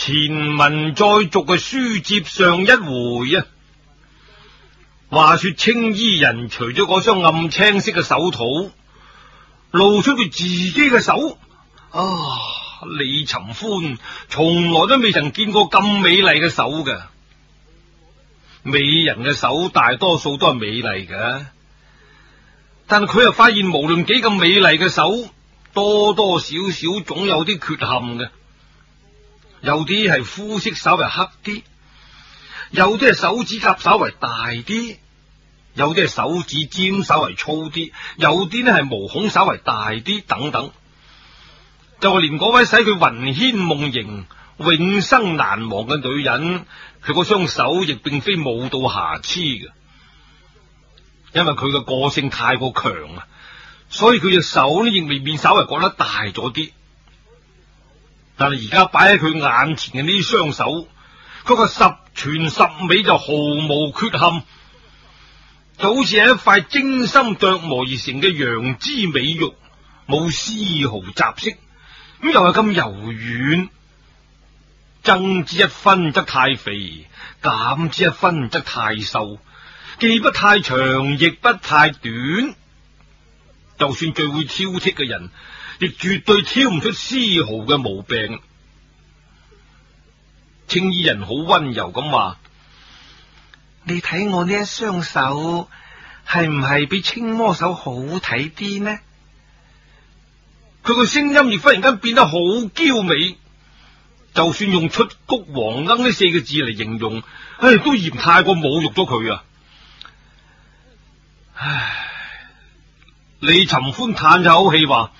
前文再續嘅書接上一回啊，話說青衣人除咗嗰雙暗青色嘅手套，露出佢自己嘅手啊，李尋歡從來都未曾見過咁美麗嘅手嘅，美人嘅手大多數都係美麗嘅，但佢又發現無論幾咁美麗嘅手，多多少少總有啲缺陷嘅。有啲係膚色稍微黑啲，有啲係手指甲稍微大啲，有啲係手指尖稍微粗啲，有啲咧係毛孔稍微大啲，等等。就連嗰位使佢魂牽夢縈、永生難忘嘅女人，佢嗰雙手亦並非冇到瑕疵嘅，因為佢嘅個性太過強啊，所以佢隻手咧亦未免稍微覺得大咗啲。但係而家擺喺佢眼前嘅呢雙手，佢、嗰個十全十美就毫無缺陷，就好似係一塊精心琢磨而成嘅羊脂美玉，冇絲毫雜色。咁又係咁柔軟，增之一分則太肥，減之一分則太瘦，既不太長亦不太短，就算最會挑剔嘅人，亦絕對挑唔出絲毫嘅毛病。青衣人好溫柔咁話：你睇我呢一雙手，係唔係比青魔手好睇啲呢？佢個聲音亦忽然間變得好嬌美，就算用出谷黃鶯呢四個字嚟，形容，唉、哎，都嫌太過侮辱咗佢啊！唉，李尋歡嘆咗口氣話。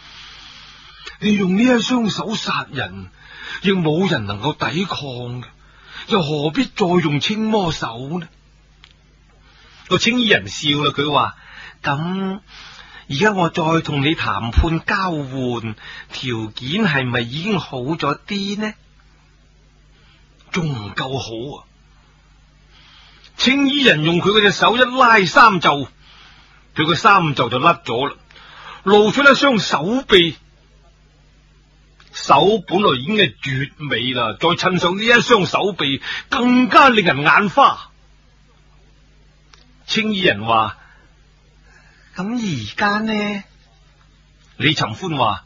你用呢一雙手殺人，亦冇人能夠抵抗嘅，又何必再用青魔手呢？個青衣人笑啦，佢話：咁而家我再同你談判交換條件，係咪已經好咗啲呢？仲唔夠好啊？青衣人用佢嘅手一拉衫袖，佢個衫袖就甩咗啦，露出一雙手臂。手本來已經係絕美啦，再襯上呢一雙手臂，更加令人眼花。青衣人話：咁而家呢？李尋歡話：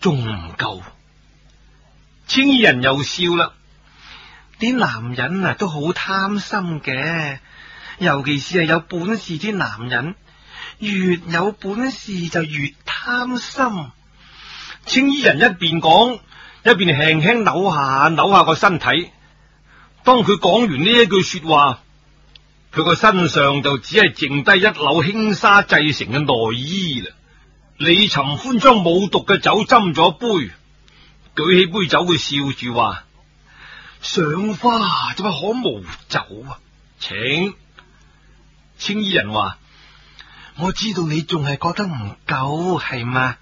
仲唔夠。青衣人又笑啦。啲男人啊，都好貪心嘅，尤其是係有本事啲男人，越有本事就越貪心。青衣人一邊講，一邊輕輕扭下扭下個身體。當佢講完呢一句說話，佢個身上就只係剩低一縷輕紗製成嘅內衣啦。李尋歡將冇毒嘅酒斟咗杯，舉起杯酒，佢笑住話：賞花怎會可無酒啊？請。青衣人話：我知道你仲係覺得唔夠，係嘛？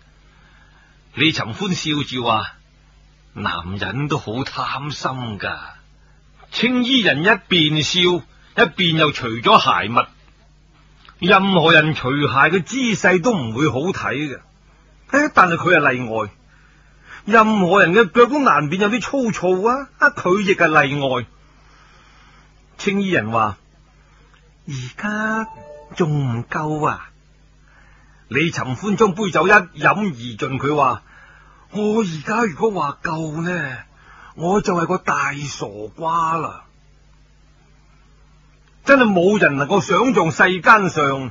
李尋歡笑住話：男人都好貪心噶。青衣人一邊笑一邊又除咗鞋襪，任何人除鞋嘅姿勢都唔會好睇嘅。哎，但係佢係例外。任何人嘅腳都難免有啲粗糙啊！啊，佢亦係例外。青衣人話：而家仲唔夠啊？李尋歡將杯酒一飲而盡，佢話：我而家如果話夠呢，我就係個大傻瓜啦！真係冇人能夠想象世間上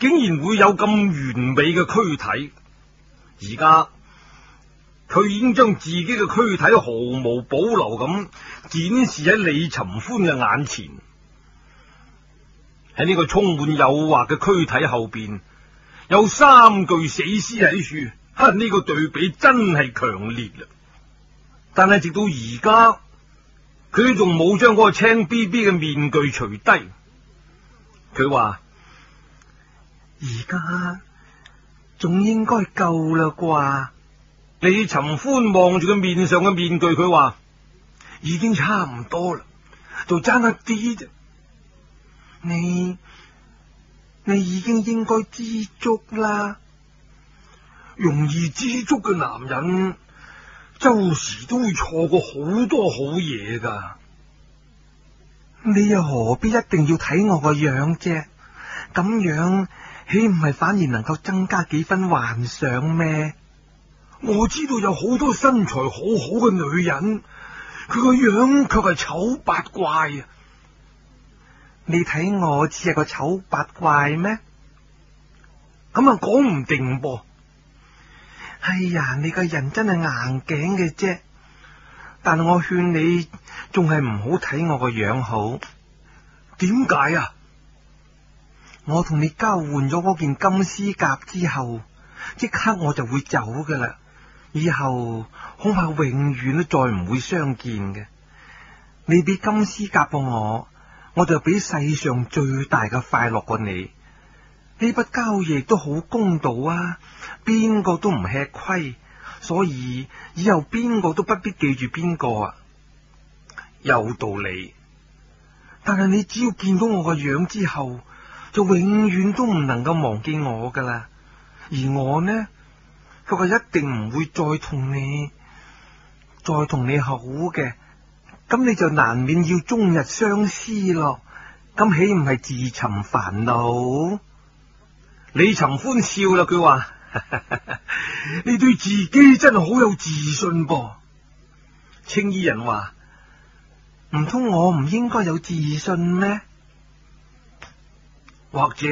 竟然會有咁完美嘅軀體。而家佢已經將自己嘅軀體毫無保留咁展示喺李尋歡嘅眼前。喺呢個充滿誘惑嘅軀體後邊，有三具死屍喺處，呢個對比真係強烈啦。但係直到而家，佢仲冇將嗰個青 B B 嘅面具除低。佢話：而家仲應該夠啦啩？李尋歡望住佢面上嘅面具，佢話：已經差唔多啦，就爭一啲啫。你。你已經應該知足啦，容易知足嘅男人，周時都會錯過好多好嘢噶。你又何必一定要睇我個樣啫？咁樣豈唔係反而能夠增加幾分幻想咩？我知道有好多身材好好嘅女人，佢個樣卻係醜八怪啊！你睇我似係個醜八怪咩？咁啊，講唔定噃。哎呀，你個人真係硬頸嘅啫。但我勸你仲係唔好睇我個樣好。點解啊？我同你交換咗嗰件金絲甲之後，即刻我就會走噶啦。以後恐怕永遠都再唔會相見嘅。你俾金絲甲過我，我就俾世上最大嘅快樂過你，呢筆交易都好公道啊，邊個都唔吃虧，所以以後邊個都不必記住邊個啊。有道理，但係你只要見到我個樣之後，就永遠都唔能夠忘記我噶啦。而我呢，佢係一定唔會再同你，再同你好嘅。咁你就難免要終日相思咯，咁豈唔係自尋煩惱？李尋歡笑啦，佢話： 你對自己真係好有自信噃。青衣人話：唔通我唔應該有自信咩？或者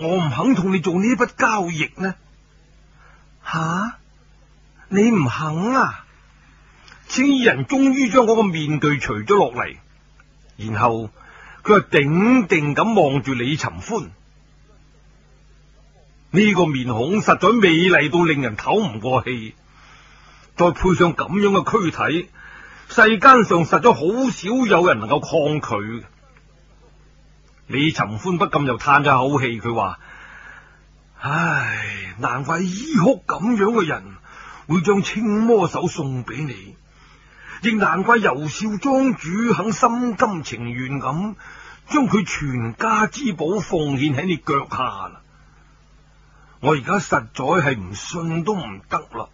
我唔肯同你做呢筆交易呢？吓，你唔肯啊？青衣人終於將嗰個面具除咗落嚟，然後佢就定定咁望住李尋歡。呢、這個面孔實在美麗到令人透唔過氣，再配上咁樣嘅軀體，世間上實在好少有人能夠抗拒。李尋歡不禁又嘆咗口氣，佢話：唉，難怪伊哭咁樣嘅人會將青魔手送俾你。亦難怪尤少莊主肯心甘情願咁將佢全家之寶奉獻喺你腳下啦！我而家實在係唔信都唔得啦！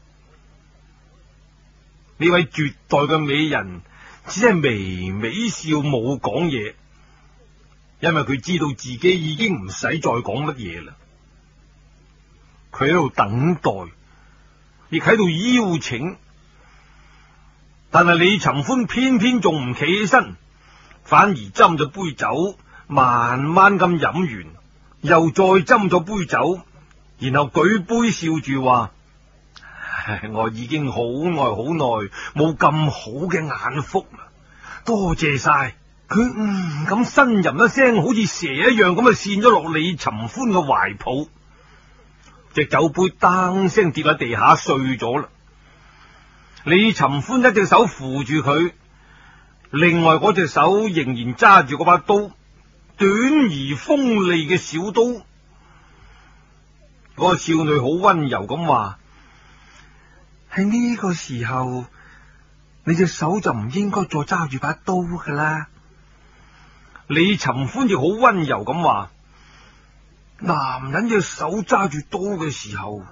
呢位絕代嘅美人只係微微笑，冇講嘢，因為佢知道自己已經唔使再講乜嘢啦。佢喺度等待，亦喺度邀請。但係李尋歡偏偏仲唔企起身，反而斟咗杯酒，慢慢咁飲完，又再斟咗杯酒，然後舉杯笑住話：唉，我已經很久很久好耐好耐冇咁好嘅眼福啦，多謝晒。佢唔敢呻吟一聲，好似蛇一樣咁啊，扇咗落李尋歡嘅懷抱，隻酒杯噹聲跌喺地下碎咗啦。李尋歡一隻手扶住佢，另外嗰隻手仍然揸住嗰把刀，短而鋒利嘅小刀。嗰、那個少女好溫柔咁話：喺呢個時候，你隻手就唔應該再揸住把刀噶啦。李尋歡亦好溫柔咁話：男人隻手揸住刀嘅時候。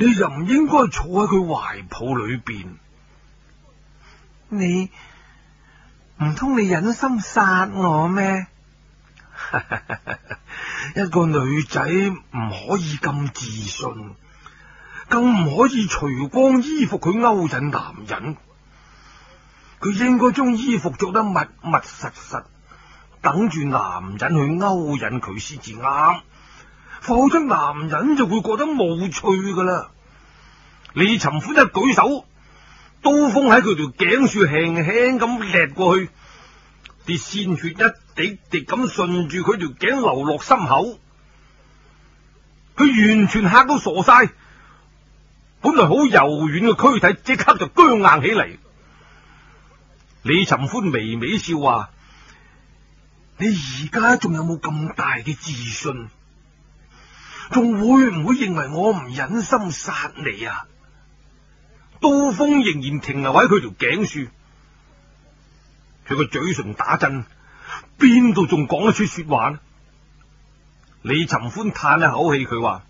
你又唔應該坐喺佢懷抱裏邊。你唔通你忍心殺我咩？ 一個女仔唔可以咁自信，更唔可以除光衣服去勾引男人。佢應該將衣服着得密密實實，等住男人去勾引佢先至啱。否則男人就會覺得無趣噶啦。李尋歡一舉手，刀鋒喺佢條頸處輕輕咁掠過去，啲鮮血一滴滴咁順住佢條頸流落心口。佢完全吓到傻晒，本來好柔軟嘅軀體即刻就僵硬起嚟。李尋歡微微笑話：你而家仲有冇咁大嘅自信？仲會唔會認為我唔忍心殺你啊？刀鋒仍然停留喺佢條頸處，佢個嘴唇打震，邊度仲講得出說話呢？李尋歡嘆一口氣，佢話：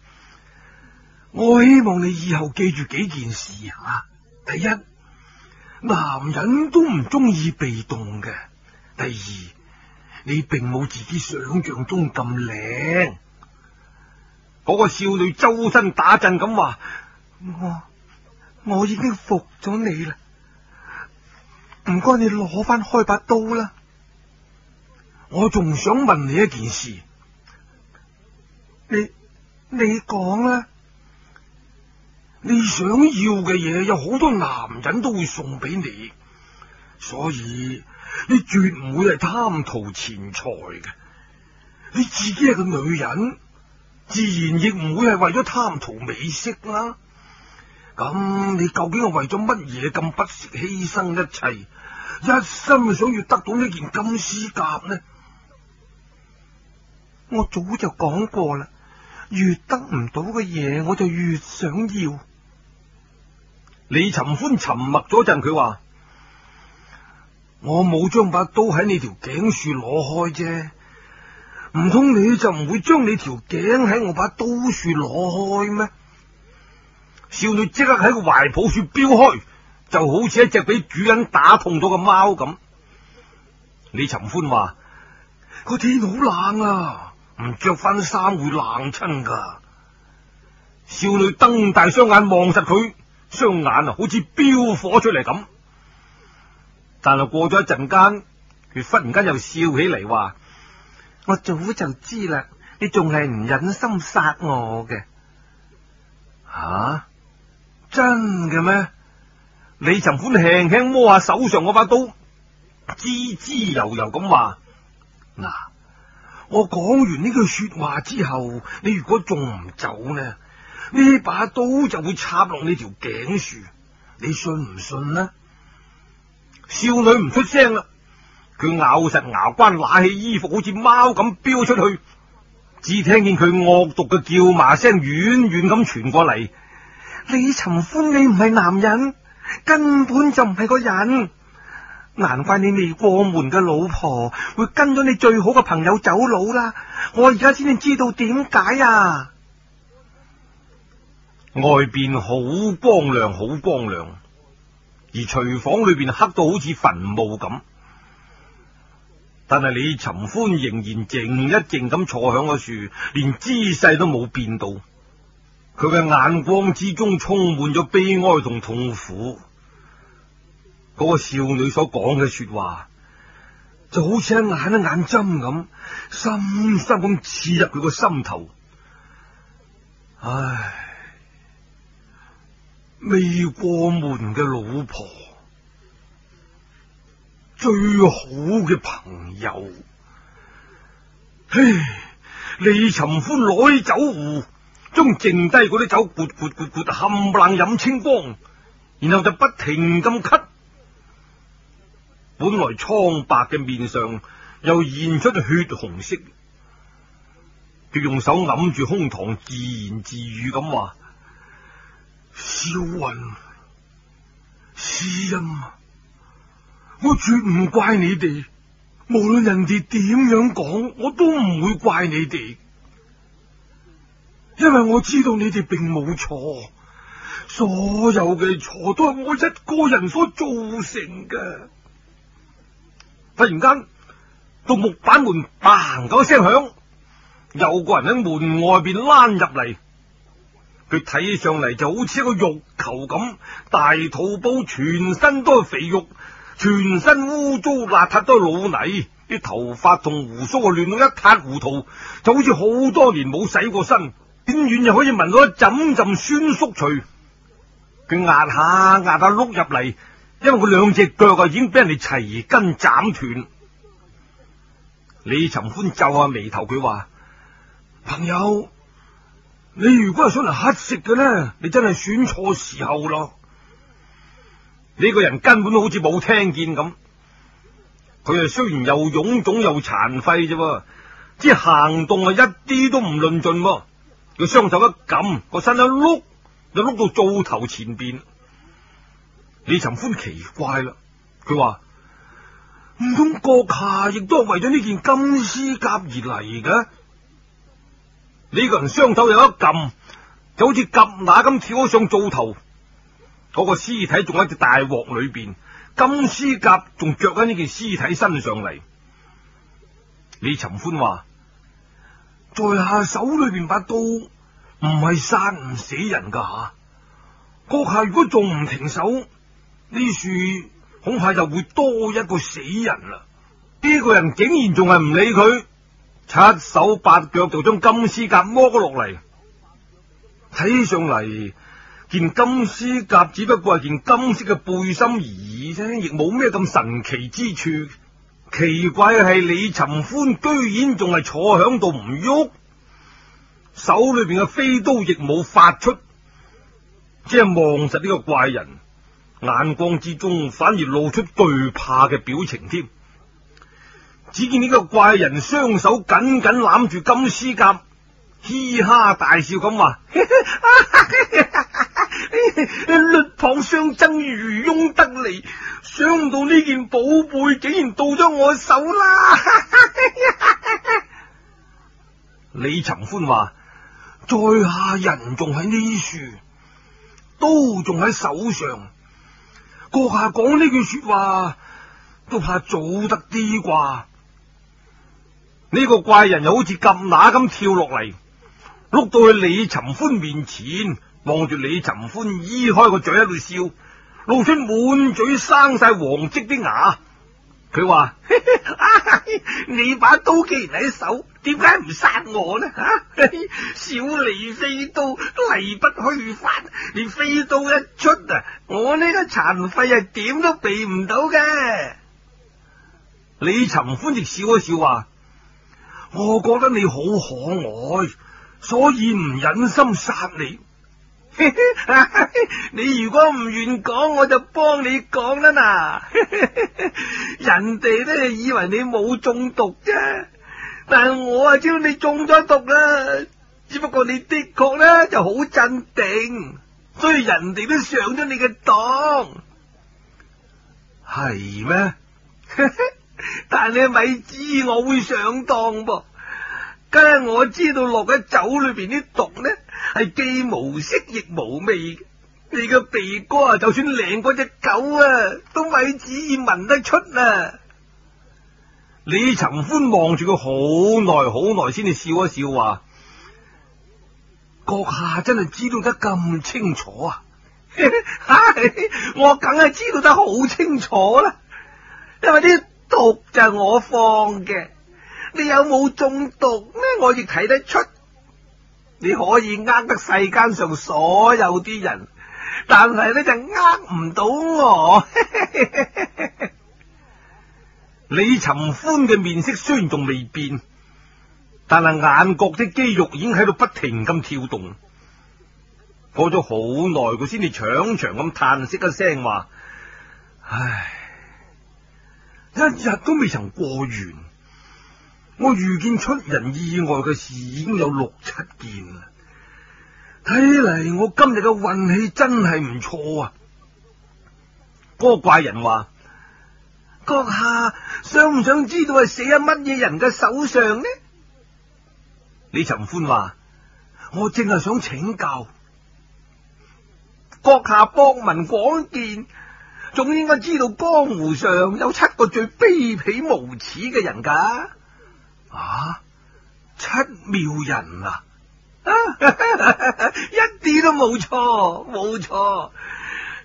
我希望你以後記住幾件事啊。第一，男人都唔中意被動嘅；第二，你並冇自己想象中咁靚。嗰個少女周身打震咁話：我我已經服咗你啦，唔該你攞翻開把刀啦。我仲想問你一件事。你你講啦。你想要嘅嘢有好多男人都會送俾你，所以你絕唔會係貪圖錢財嘅，你自己係個女人，自然亦唔會係為咗貪圖美色啦。咁你究竟係為咗乜嘢咁不惜犧牲一切，一心想要得到呢件金絲甲呢？我早就講過啦，越得唔到嘅嘢，我就越想要。李尋歡沉默咗陣，佢話：我冇將把，把刀喺你條頸處攞開啫。唔通你就唔會將你條頸喺我把刀處攞開咩？少女即刻喺個懷抱處飆開，就好似一隻俾主人打痛咗嘅貓咁。李尋歡話：個天好冷啊，唔着翻衫會冷親噶。少女瞪大雙眼望實佢，雙眼啊好似飆火出嚟咁。但係過咗一陣間，佢忽然間又笑起嚟話。我早就知啦，你仲係唔忍心殺我嘅？吓、啊，真嘅咩？李尋歡輕輕摸下手上嗰把刀，滋滋悠悠咁話：嗱，我講完呢句說話之後，你如果仲唔走呢？呢把刀就會插落你條頸樹，你信唔信呢？少女唔出聲啦。佢咬實牙關，拿起衣服，好似貓咁飆出去。只聽見佢惡毒嘅叫罵聲遠遠咁傳過嚟。李尋歡，你唔係男人，根本就唔係個人，難怪你未過門嘅老婆會跟咗你最好嘅朋友走佬啦。我而家先至知道點解啊！外邊好光亮，好光亮，而廚房裏邊黑到好似墳墓咁。但係李尋歡仍然靜一靜咁坐響個樹，連姿勢都冇變到。佢嘅眼光之中充滿咗悲哀同痛苦。嗰個少女所講嘅說話，就好似一眼一眼針咁，深深咁刺入佢個心頭。唉，未過門嘅老婆。最好嘅朋友，嘿！李尋歡攞起酒壺，將剩低嗰啲酒撥撥撥撥冚唪唥飲清光，然後就不停咁咳。本來蒼白嘅面上又現出血紅色，佢用手揞住胸膛，自言自語咁話：嘯雲，詩音。我絕唔怪你哋，無論人哋點樣講，我都唔會怪你哋，因為我知道你哋並冇錯，所有嘅錯都係我一個人所造成嘅。忽然間，到木板門嘭咁一聲響，有個人喺門外邊拉入嚟，佢睇上嚟就好似一個肉球咁，大肚煲，全身都係肥肉。全身污糟邋遢都老泥，啲頭髮同胡鬚啊亂到一塌糊塗，就好似好多年冇洗過身，點遠就可以聞到整整酸酸一陣陣酸餿除。佢壓下壓下碌入嚟，因為佢兩隻腳啊已經俾人哋齊根斬斷。李尋歡皺下眉頭，佢話：朋友，你如果係想嚟乞食嘅呢，你真係選錯時候咯。呢個人根本都好似冇聽見咁，佢啊雖然又臃腫又殘廢啫，即行動啊一啲都唔論盡。佢雙手一撳，個身一碌，就碌到灶頭前邊。李尋歡奇怪啦，佢話，唔通閣下亦都係為咗呢件金絲甲而嚟嘅？呢個人雙手又一撳，就好似蛤乸咁跳咗上灶頭。嗰個屍體仲喺隻大鑊裏邊，金絲甲仲着緊呢件屍體身上嚟。李尋歡話：在下手裏邊把刀唔係殺唔死人噶吓，閣、啊、下如果仲唔停手，呢樹恐怕就會多一個死人啦。呢、這個人竟然仲係唔理佢，七手八腳就將金絲甲摸咗落嚟，睇上嚟。件金絲甲只不過係件金色嘅背心而已啫，亦冇咩咁神奇之處。奇怪嘅係李尋歡居然仲係坐響度唔喐，手裏邊嘅飛刀亦冇發出，只係望實呢個怪人，眼光之中反而露出懼怕嘅表情添。只見呢個怪人雙手緊緊攬住金絲甲，嘻哈大笑咁話。 鷸蚌相爭，漁翁得利。想唔到呢件寶貝竟然到咗我手啦！ 李尋歡話：在下人仲喺呢處，刀仲喺手上。閣下講呢句說話，都怕早得啲啩？呢、這個怪人又好似蛤乸咁跳落嚟，碌到去李尋歡面前。望住李尋歡，咿開個嘴喺度笑，露出滿嘴生晒黃色啲牙。佢話、 哎：你把刀既然喺手，點解唔殺我呢？吓， 小李飛刀例不虛發，你飛刀一出啊，我呢個殘廢係點都避唔到嘅。李尋歡就笑一笑話：我覺得你好可愛，所以唔忍心殺你。 你如果唔願講，我就幫你講啦嗱。 人哋咧以為你冇中毒啫，但係我啊知道你中咗毒啦。只不過你的確咧就好鎮定，所以人哋都上咗你嘅當，係咩是嗎？ 但是你咪知我會上當噃。梗係我知道落喺酒裏邊啲毒呢，係既無色亦無味嘅。你個鼻哥啊，就算靈過隻狗啊，都咪旨意聞得出啦，啊。李尋歡望住佢好耐好耐，先至笑一笑話：閣下真係知道得咁清楚啊！ 我梗係知道得好清楚啦，因為啲毒就係我放嘅。你有冇中毒呢？我亦睇得出。你可以呃得世間上所有啲人，但係呢就呃唔到我。 李尋歡嘅面色雖然仲未變，但係眼角啲肌肉已經喺度不停咁跳動。過咗好耐，佢先至長長咁嘆息一聲話：唉，一日都未曾過完。我遇見出人意外嘅事已經有六七件啦，睇嚟我今日嘅運氣真係唔錯啊！嗰個怪人話：閣下想唔想知道係死喺乜嘢人嘅手上呢？李尋歡話：我淨係想請教，閣下博聞廣見，仲應該知道江湖上有七個最卑鄙無恥嘅人噶。啊！七妙人啊， 一啲都冇錯，冇錯。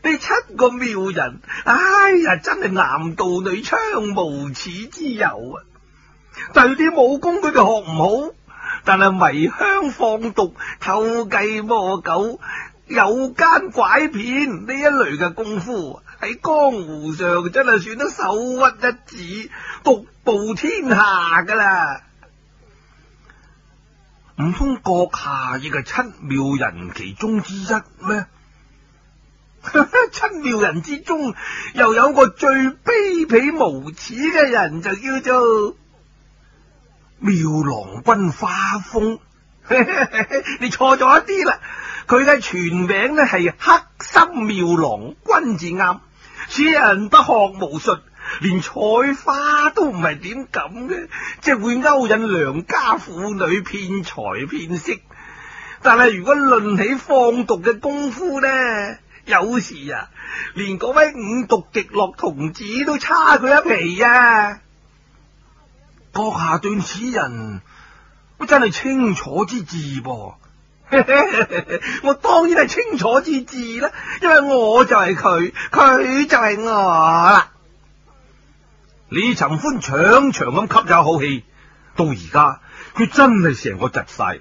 呢七個妙人，哎呀，真係男盜女娼，無恥之尤啊！就啲武功佢哋學唔好，但係迷香放毒、偷雞摸狗、有奸拐騙呢一類嘅功夫，喺江湖上真係算得首屈一指。獨步天下噶啦，唔通閣下亦係七妙人其中之一咩？ 七妙人之中，又有個最卑鄙無恥嘅人，就叫做妙郎君花風。 你錯咗一啲啦，佢嘅全名呢係黑心妙郎君字啱，此人不學無術。連採花都唔係點咁嘅，即係會勾引良家婦女騙財騙色。但係如果論起放毒嘅功夫呢？有時啊，連位五毒極樂童子都差佢一皮啊！閣下對此人，我真係清楚之至噃、啊。 我當然係清楚之至啦、啊，因為我就係佢，佢就係我啦。李尋歡長長咁吸咗口氣，到而家佢真係成個窒晒。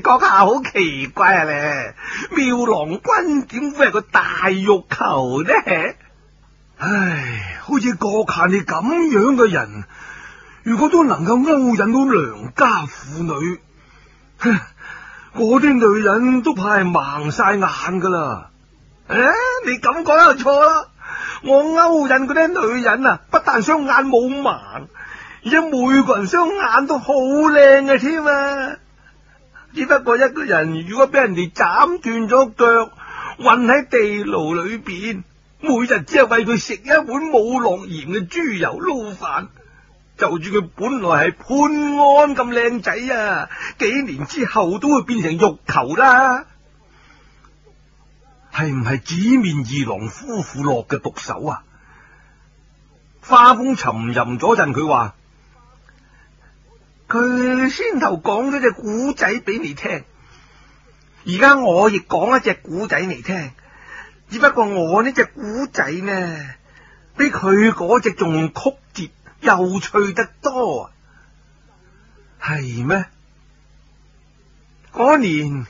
閣 下好奇怪咧、啊，妙郎君點會係個大玉球呢？唉，好似閣下你咁樣嘅人，如果都能夠勾引到良家婦女，我啲女人都怕係盲晒眼㗎喇。誒，你咁講就錯啦。我勾引嗰啲女人啊，不但雙眼冇盲，而且每個人雙眼都好靚嘅添。啊，只不過一個人如果俾人哋斬斷咗腳，困喺地牢裏邊，每日只係餵佢食一碗冇落鹽嘅豬油撈飯，就住佢本來係潘安咁靚仔啊，幾年之後都會變成肉球啦。係唔係紙面二郎夫婦落嘅毒手啊？花風沉吟咗陣，佢話：佢先頭講咗隻古仔俾你聽，而家我亦講一隻古仔嚟聽，只不過我呢隻古仔呢，比佢嗰隻仲曲折又趣得多。係咩？嗰年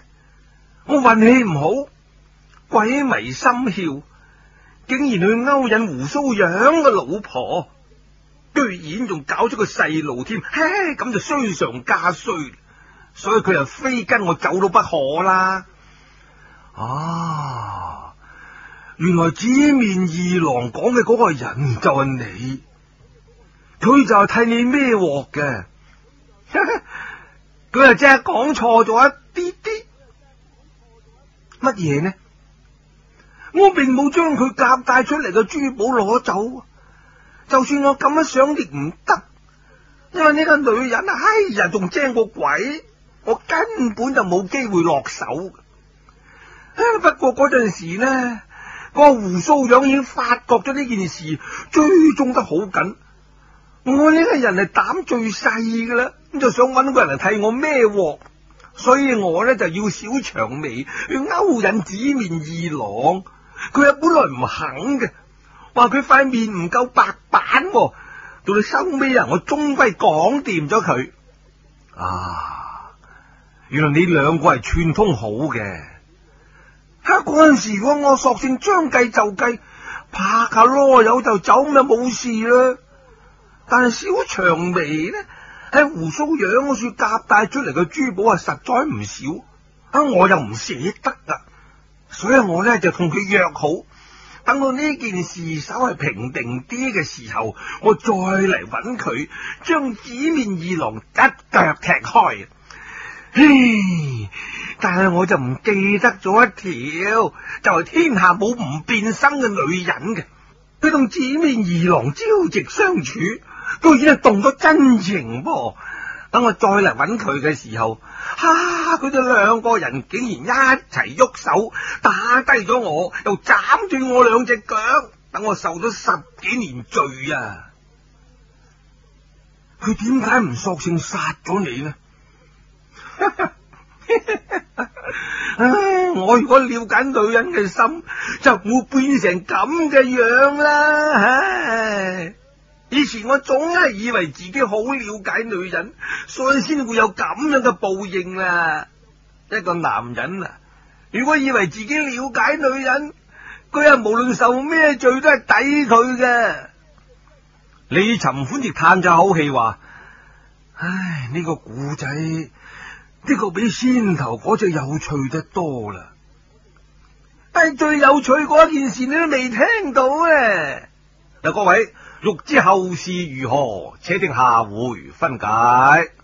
我運氣唔好。鬼迷心竅，竟然去勾引胡鬚樣嘅老婆，居然仲搞出個細路添，嘿，咁就衰上加衰，所以佢又非跟我走都不可啦。啊，原來紙面二郎講嘅嗰個人就係你，佢就係替你孭鑊嘅，佢又真係講錯咗一啲啲乜嘢呢？我並冇將佢夾帶出嚟嘅珠寶攞走，啊，就算我咁樣想亦唔得，因為呢個女人哎呀仲精過鬼，我根本就冇機會落手，啊。不過嗰陣時呢，個胡素養已經發覺咗呢件事，追蹤得好緊。我呢個人係膽最細噶啦，咁就想揾個人嚟替我孭鑊，所以我呢就要小長眉去勾引紙面二郎。佢係本來唔肯嘅，話佢塊面唔夠白板、啊，到到收尾啊！我終歸講掂咗佢啊！原來你兩個係串通好嘅。哈、啊！嗰陣時如果我索性將計就計，拍下囉柚就走，咁就冇事啦。但係小長眉呢？喺胡鬚樣嗰處夾帶出嚟嘅珠寶啊，實在唔少啊！我又唔捨得啊！所以我咧就同佢約好，等到呢件事稍係平定啲嘅時候，我再嚟揾佢，將紫面二郎一腳踢開。唉，但係我就唔記得咗一條，就係天下冇唔變心嘅女人嘅，佢同紫面二郎朝夕相處，居然係動咗真情噃。等我再嚟揾佢嘅時候，哈、啊！佢哋兩個人竟然一齊喐手打低咗我，又斬斷我兩隻腳，等我受咗十幾年罪啊！佢點解唔索性殺咗你呢？唉、 啊，我如果了解女人嘅心，就唔會變成咁嘅樣啦，唉、啊。以前我總係以為自己好了解女人，所以先會有咁樣嘅報應啦。一個男人啊，如果以為自己了解女人，佢啊無論受咩罪都係抵佢嘅。李尋歡亦嘆咗口氣話：，唉，呢個古仔的確比先頭嗰隻有趣得多啦。但係最有趣嗰一件事，你都未聽到誒。嗱，各位。欲知後事如何，且聽下回分解。